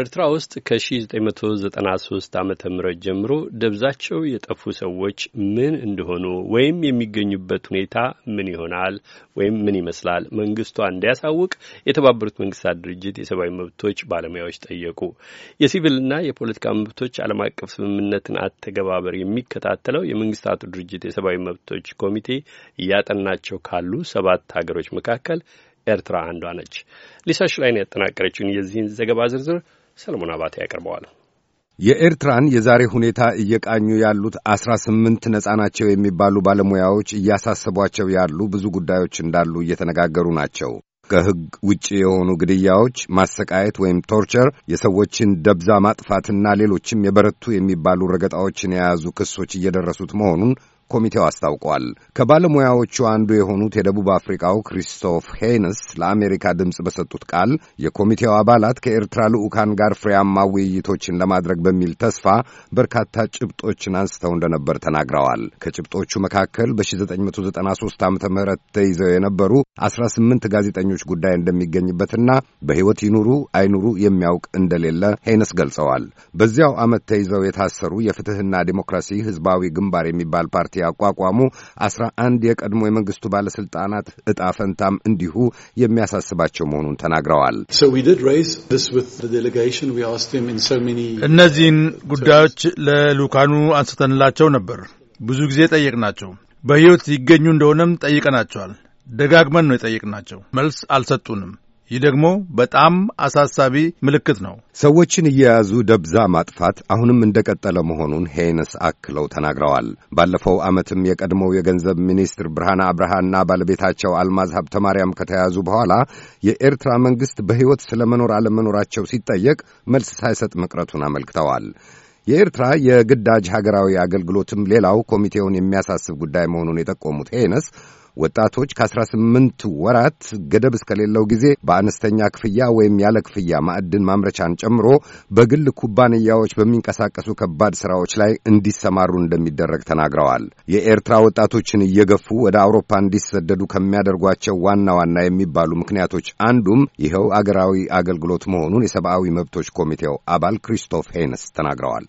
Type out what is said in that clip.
ኤርትራ ውስጥ ከ1993 ዓ ም ጀምሮ ደብዛቸው የጠፉ ሰዎች ምን እንደሆኑ ወይም የሚገኙበት ሁኔታ ምን ይሆናል ወይም ምን ይመስላል መንግስቷ እንዲያሳውቅ የተባበሩት መንግስታት ድርጅት የሰብአዊ መብቶች ባለሙያዎች ጠየቁ። የሲቪልና የፖለቲካ መብቶች ዓለም አቀፍ ስምምነትን አተገባበር የሚከታተለው የመንግስታቱ ድርጅት የሰብአዊ መብቶች ኮሚቴ እያጠናቸው ካሉ ሰባት ሀገሮች መካከል ኤርትራ አንዷ ነች። ሊሳ ሽላይን ያጠናቀረችውን የዚህን ዘገባ ዝርዝር ሰለሞን አባቴ ያቀርበዋል። የኤርትራን የዛሬ ሁኔታ እየቃኙ ያሉት አስራ ስምንት ነጻ ናቸው የሚባሉ ባለሙያዎች እያሳሰቧቸው ያሉ ብዙ ጉዳዮች እንዳሉ እየተነጋገሩ ናቸው። ከሕግ ውጭ የሆኑ ግድያዎች፣ ማሰቃየት ወይም ቶርቸር፣ የሰዎችን ደብዛ ማጥፋትና ሌሎችም የበረቱ የሚባሉ ረገጣዎችን የያዙ ክሶች እየደረሱት መሆኑን ኮሚቴው አስታውቋል። ከባለሙያዎቹ አንዱ የሆኑት የደቡብ አፍሪካው ክሪስቶፍ ሄይንስ ለአሜሪካ ድምፅ በሰጡት ቃል የኮሚቴው አባላት ከኤርትራ ልዑካን ጋር ፍሬያማ ውይይቶችን ለማድረግ በሚል ተስፋ በርካታ ጭብጦችን አንስተው እንደነበር ተናግረዋል። ከጭብጦቹ መካከል በ1993 ዓ ም ተይዘው የነበሩ አስራ ስምንት ጋዜጠኞች ጉዳይ እንደሚገኝበትና በሕይወት ይኑሩ አይኑሩ የሚያውቅ እንደሌለ ሄነስ ገልጸዋል። በዚያው ዓመት ተይዘው የታሰሩ የፍትሕና ዴሞክራሲ ሕዝባዊ ግንባር የሚባል ፓርቲ ያቋቋሙ አስራ አንድ የቀድሞ የመንግሥቱ ባለሥልጣናት ዕጣ ፈንታም እንዲሁ የሚያሳስባቸው መሆኑን ተናግረዋል። እነዚህን ጉዳዮች ለልኡካኑ አንስተንላቸው ነበር። ብዙ ጊዜ ጠየቅናቸው። በሕይወት ይገኙ እንደሆነም ጠይቀናቸዋል። ደጋግመን ነው የጠየቅናቸው። መልስ አልሰጡንም። ይህ ደግሞ በጣም አሳሳቢ ምልክት ነው። ሰዎችን እየያዙ ደብዛ ማጥፋት አሁንም እንደቀጠለ መሆኑን ሄይነስ አክለው ተናግረዋል። ባለፈው ዓመትም የቀድሞው የገንዘብ ሚኒስትር ብርሃነ አብርሃና ባለቤታቸው አልማዝ ሀብተ ማርያም ከተያዙ በኋላ የኤርትራ መንግሥት በሕይወት ስለ መኖር አለመኖራቸው ሲጠየቅ መልስ ሳይሰጥ መቅረቱን አመልክተዋል። የኤርትራ የግዳጅ ሀገራዊ አገልግሎትም ሌላው ኮሚቴውን የሚያሳስብ ጉዳይ መሆኑን የጠቆሙት ሄይነስ ወጣቶች ከ18 ወራት ገደብ እስከሌለው ጊዜ በአነስተኛ ክፍያ ወይም ያለ ክፍያ ማዕድን ማምረቻን ጨምሮ በግል ኩባንያዎች በሚንቀሳቀሱ ከባድ ስራዎች ላይ እንዲሰማሩ እንደሚደረግ ተናግረዋል። የኤርትራ ወጣቶችን እየገፉ ወደ አውሮፓ እንዲሰደዱ ከሚያደርጓቸው ዋና ዋና የሚባሉ ምክንያቶች አንዱም ይኸው አገራዊ አገልግሎት መሆኑን የሰብአዊ መብቶች ኮሚቴው አባል ክሪስቶፍ ሄንስ ተናግረዋል።